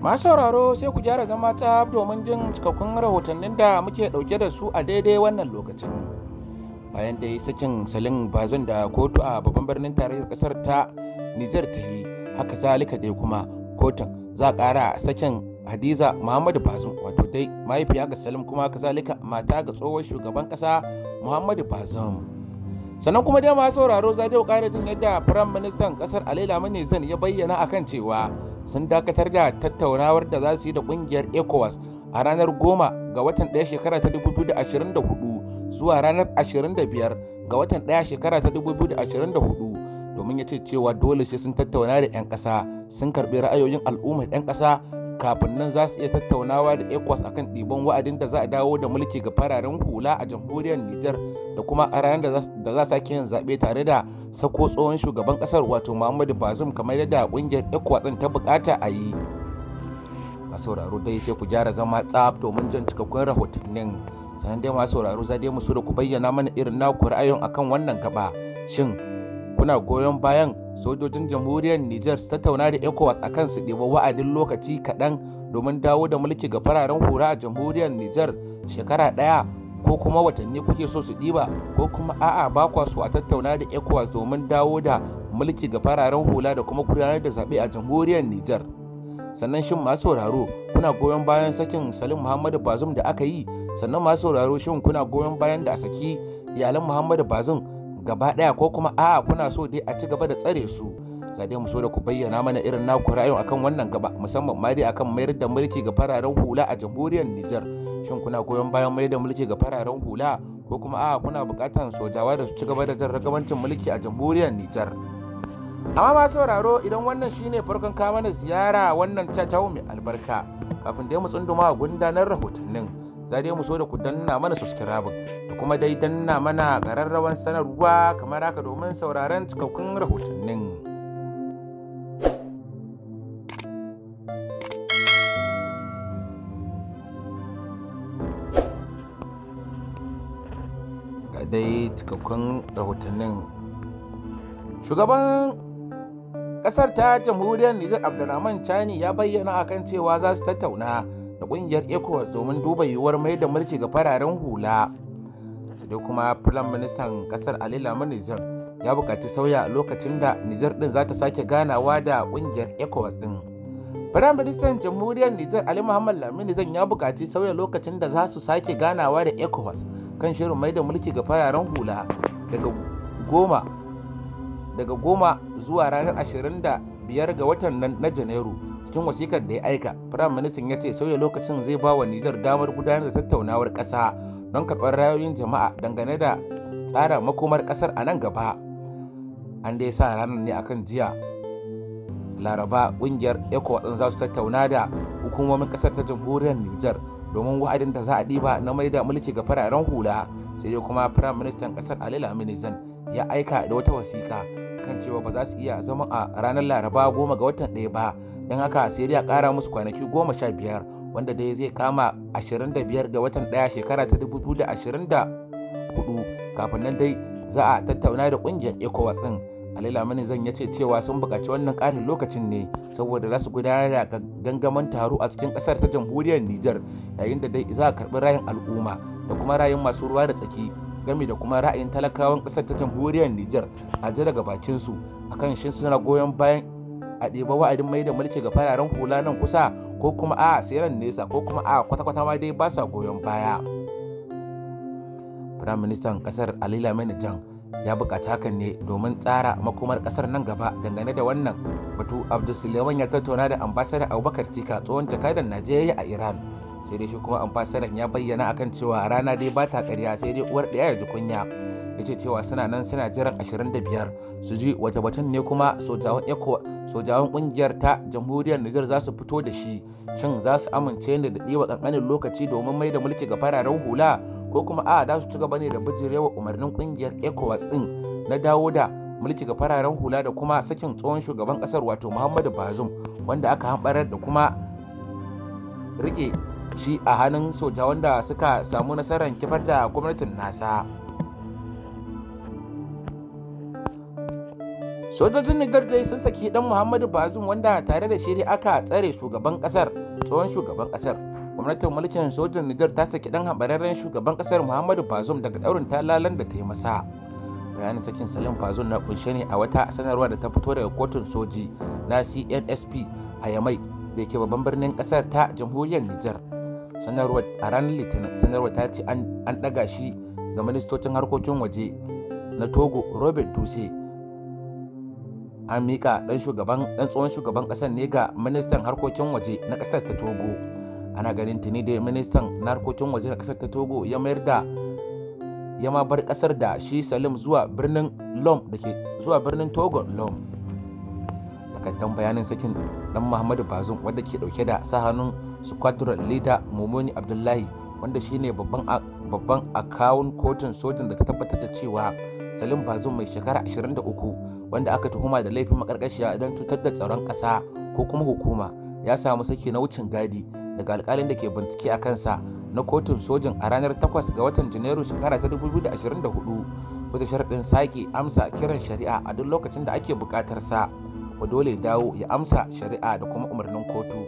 masu sauraro sai ku gyara zama ta domin jin cikakkun rahotannin da muke ɗauke da su a daidai wannan lokacin bayan da ya sakin salin bazin da kotu a babban birnin tarayyar ƙasar ta nijar ta yi haka zalika dai kuma kotun za a ƙara sakin hadiza muhammadu bazin wato dai mahaifiya ga salim kuma haka zalika mata ga tsohon shugaban ƙasa muhammadu bazin sannan kuma dai masu sauraro za dai ƙara jin yadda firayim ministan ƙasar alaila zan ya bayyana akan cewa sun dakatar da tattaunawar da za su yi da kungiyar ecowas a ranar 10 ga watan 1 shekara ta 2024 zuwa ranar 25 ga watan 1 shekara ta 2024 domin ya ce cewa dole sai sun tattauna da 'yan ƙasa sun karɓi ra'ayoyin al'ummar 'yan ƙasa kafin nan za su iya tattaunawa da ecowas akan ɗiban wa'adin da za a dawo da mulki ga fararen hula a jamhuriyar niger da kuma a ranar da za su sake yin zaɓe tare da sako tsohon shugaban kasar wato muhammadu bazum kamar yadda kungiyar ekwatsin ta bukata a yi a sauraro dai sai ku gyara zama tsaf domin jan cikakkun rahotannin sanan dai masu sauraro za dai musu da ku bayyana mana irin naku ra'ayin akan wannan gaba shin kuna goyon bayan sojojin jamhuriyar Nijar su tattauna da ecowas akan su ɗeba wa'adin lokaci kaɗan domin dawo da mulki ga fararen hura a jamhuriyar Nijar shekara ɗaya ko kuma watanni kuke so su ɗiba ko kuma a'a ba kwa so a tattauna da ecowas domin dawo da mulki ga fararen hula da kuma gudanar da zaɓe a jamhuriyar nijar sannan shin masu sauraro kuna goyon bayan sakin salim muhammadu bazum da aka yi sannan masu sauraro shin kuna goyon bayan da a saki iyalan muhammadu bazum gaba ɗaya ko kuma a'a kuna so dai a ci gaba da tsare su zaɗe mu so da ku bayyana mana irin naku ra'ayin akan wannan gaba musamman ma dai akan mayar da mulki ga fararen hula a jamhuriyar nijar shin kuna goyon bayan mai da mulki ga fararen hula ko kuma a kuna bukatan sojawa da su ci gaba da jan ragabancin mulki a jamhuriyar Nijar amma ma sauraro idan wannan shine farkon kawo mana ziyara wannan catawo mai albarka kafin da mu tsunduma gundanar rahotannin za dai mu so da ku danna mana subscribe da kuma dai danna mana kararrawan sanarwa kamar haka domin sauraron cikakkun rahotannin. cikakkun rahotannin shugaban kasar ta jamhuriyar nijar abdulrahman chani ya bayyana akan cewa za su tattauna da kungiyar ecowas domin duba yiwuwar mai da mulki ga fararen hula sai da kuma firan ministan kasar ali Lamu nijar ya buƙaci sauya lokacin da nijar din za ta sake ganawa da kungiyar ecowas din firan Ministan Jamhuriyar Nijar Ali Muhammad Lamini zan ya buƙaci sauya lokacin da za su sake ganawa da ECOWAS kan shirin mai da mulki ga fayaran hula daga goma daga goma zuwa ranar biyar ga watan nan na janairu cikin wasikar da ya aika firayim ministan ya ce sauya lokacin zai ba wa nijar damar gudanar da tattaunawar ƙasa don karɓar rayoyin jama'a dangane da tsara makomar kasar a nan gaba an dai sa ranar ne akan jiya laraba ƙungiyar ecowas za su tattauna da hukumomin kasar ta jamhuriyar nijar domin wa'adin da za a ɗiba na mai da mulki ga fararen hula sai dai kuma firayim ministan ƙasar ali lamini zan ya aika da wata wasiƙa kan cewa ba za su iya zama a ranar laraba goma ga watan ɗaya ba don haka sai dai a ƙara musu kwanaki goma sha biyar wanda dai zai kama 25 ga watan ɗaya shekara ta 2024 kafin nan dai za a tattauna da ƙungiyar ecowas ɗin alila mani zan ya ce cewa sun bukaci wannan karin lokacin ne saboda za su gudanar da gangaman taro a cikin kasar ta jamhuriyar nijar yayin da dai za a karɓi rayin al'umma da kuma rayin masu ruwa da tsaki game da kuma ra'ayin talakawan kasar ta jamhuriyar nijar a ji daga su akan shin suna goyon bayan a ɗeba wa'adin mai da mulki ga fararen hula nan kusa ko kuma a tseren nesa ko kuma a kwata-kwata ma dai ba sa goyon baya. Firaministan ƙasar Ali Lamine Jan ya buƙaci hakan ne domin tsara makomar ƙasar nan gaba dangane da wannan batu abdul suleiman ya tattauna da ambasada abubakar cika tsohon jakadan najeriya a iran sai dai shi kuma ambasadan ya bayyana akan cewa rana dai ba ta ƙarya sai dai uwar ɗaya ya ji kunya ya ce cewa suna nan suna jiran 25 su ji wata batun ne kuma sojawan ƙungiyar kungiyar ta jamhuriyar nijar za su fito da shi shin za su amince ne da ɗiwa ƙanƙanin lokaci domin mai da mulki ga fararen hula ko kuma a za su ci gaba ne da bijirewa umarnin kungiyar ecowas din na dawo da mulki ga fararen hula da kuma sakin tsohon shugaban ƙasar wato muhammadu bazum wanda aka hambarar da kuma riƙe shi a hannun sojawan da suka samu nasarar kifar da gwamnatin nasa sojojin nigar dai sun saki dan muhammadu bazum wanda tare da shiri aka tsare shugaban kasar tsohon shugaban kasar gwamnatin mulkin sojin nijar ta saki dan habararren shugaban kasar muhammadu bazum daga daurin talalan da ta yi masa bayanin sakin salim bazum na kunshe ne a wata sanarwa da ta fito daga kotun soji na cnsp a yamai da ke babban birnin kasar ta jamhuriyar nijar sanarwar a ranar litinin sanarwar ta ce an daga shi ga ministocin harkokin waje na togo robert tuse an mika dan shugaban dan tsohon shugaban kasar ne ga ministan harkokin waje na kasar ta togo ana ganin tuni da ministan na harkokin waje na kasar ta togo ya mayar da ya ma bar kasar da shi salim zuwa birnin lom da ke zuwa birnin togo lom takaddan bayanin sakin dan muhammadu bazum wanda ke dauke da sa hannun squadron leader momoni abdullahi wanda shine babban babban akawun kotun sojin da ta tabbatar da cewa salim bazum mai shekara 23 wanda aka tuhuma da laifin makarkashiya don cutar da tsaron ƙasa ko kuma hukuma ya samu saki na wucin gadi daga alkalin da ke bincike a kansa na kotun sojin a ranar 8 ga watan janairu shekara ta 2024 bisa sharɗin sake amsa kiran shari'a a duk lokacin da ake buƙatar sa wa dole dawo ya amsa shari'a da kuma umarnin kotu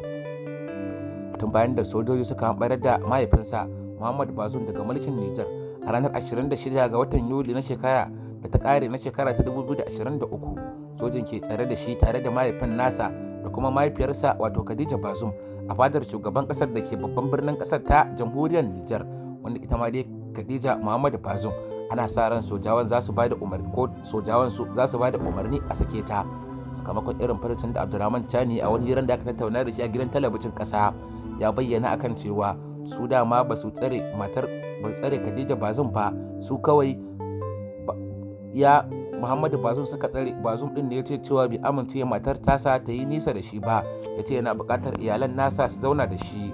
tun bayan da sojoji suka hambarar da mahaifinsa muhammad bazum daga mulkin nijar a ranar 26 ga watan yuli na shekara da ta ƙare na shekara ta 2023 sojin ke tsare da shi tare da mahaifin nasa da kuma mahaifiyarsa wato khadija bazum a fadar shugaban ƙasar da ke babban birnin ƙasar ta jamhuriyar nijar wanda ita ma dai khadija muhammad bazum ana sa ran sojawan za su bada umarni ko sojawan su za su bada umarni a sake ta sakamakon irin farcin da abdurrahman chani a wani hirar da aka tattauna da shi a gidan talabijin ƙasa ya bayyana akan cewa su dama ba su tsare matar ba tsare khadija bazum ba su kawai ya muhammadu bazum suka tsare bazum din ne ya ce cewa bai amince matar tasa ta yi nisa da shi ba ya ce yana buƙatar iyalan nasa su zauna da shi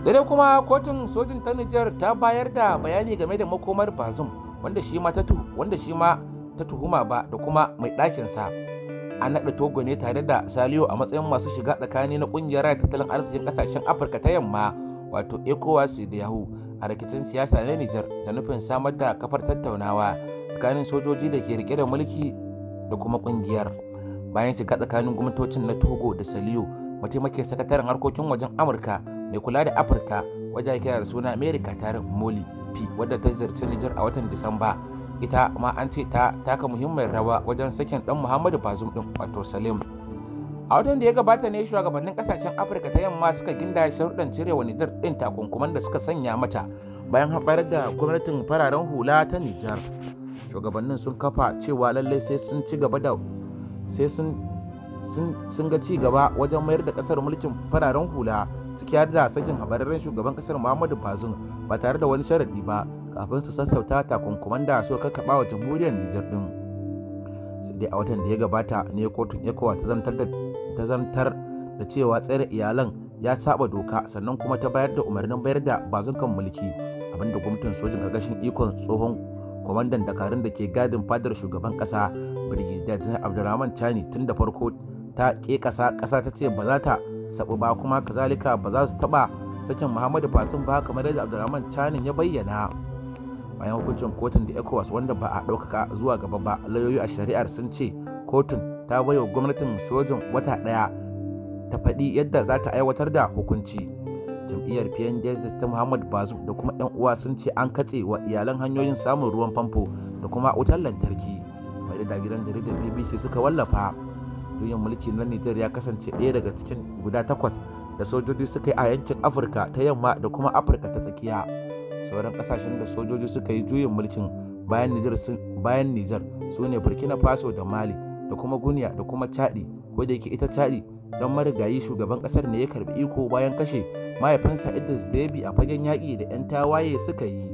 sai dai kuma kotun sojin ta nijar ta bayar da bayani game da makomar bazum wanda shi ma ta wanda shi ma ta tuhuma ba da kuma mai ɗakin sa an naɗa togo ne tare da saliyo a matsayin masu shiga tsakani na ƙungiyar tattalin arzikin ƙasashen afirka ta yamma wato ecowas da yahoo a rikicin siyasa na Nijar da nufin samar da kafar tattaunawa tsakanin sojoji da ke rike da mulki da kuma kungiyar bayan shiga tsakanin gwamnatocin na Togo da Saliyo mataimakin sakataren harkokin wajen Amurka mai kula da Afirka wajen kira da suna America tarin Moli P wadda ta ziyarci Nijar a watan Disamba ita ma an ce ta taka muhimmiyar rawa wajen sakin dan Muhammadu Bazum din wato Salim a watan da ya gabata ne shugabannin kasashen afirka ta yamma suka ginda sharuɗan wa nijar din takunkuman da suka sanya mata bayan haɓar da gwamnatin fararen hula ta nijar shugabannin sun kafa cewa lallai sai sun ci gaba da sai sun ga ci gaba wajen mayar da kasar mulkin fararen hula ciki har da sakin habararren shugaban kasar muhammadu bazin ba tare da wani sharadi ba kafin su sassauta takunkuman da suka kakkaɓa wa jamhuriyar nijar din sai dai a watan da ya gabata ne kotun ecowas ta zantar da ta zantar da cewa tsere iyalan ya saba doka sannan kuma ta bayar da umarnin bayar da bazukan mulki abinda gwamnatin sojin gargashin ikon tsohon kwamandan dakarun da ke gadin fadar shugaban kasa brigadier janar abdulrahman chani tun da farko ta ke kasa kasa ta ce ba za ta sabu ba kuma kazalika ba za su taba sakin muhammadu fatim ba kamar yadda abdulrahman chani ya bayyana bayan hukuncin kotun da ecowas wanda ba a ɗaukaka zuwa gaba ba lauyoyi a shari'ar sun ce kotun ta baiwa gwamnatin sojin wata ɗaya ta faɗi yadda za ta aiwatar da hukunci jam'iyyar pnds ta muhammad bazum da kuma 'yan uwa sun ce an katse wa iyalan hanyoyin samun ruwan famfo da kuma wutar lantarki mai da gidan jaridar bbc suka wallafa juyin mulki na niger ya kasance ɗaya daga cikin guda takwas da sojoji suka yi a yankin afirka ta yamma da kuma afirka ta tsakiya sauran kasashen da sojoji suka yi juyin mulkin bayan nijar su ne burkina faso da mali da kuma gunya da kuma caɗi, ko da yake ita caɗi don marigayi shugaban ƙasar ne ya karɓi iko bayan kashe mahaifinsa idris debi a fagen yaƙi da 'yan tawaye suka yi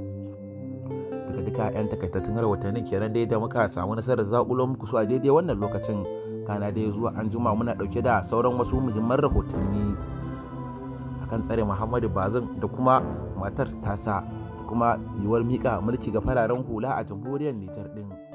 daga duka 'yan takaitattun har watannin kenan dai da muka samu nasarar zakulo muku su a daidai wannan lokacin kana dai zuwa an juma muna ɗauke da sauran wasu muhimman rahotanni akan tsare muhammadu bazin da kuma matar tasa da kuma yiwuwar mika mulki ga fararen hula a jamhuriyar nijar din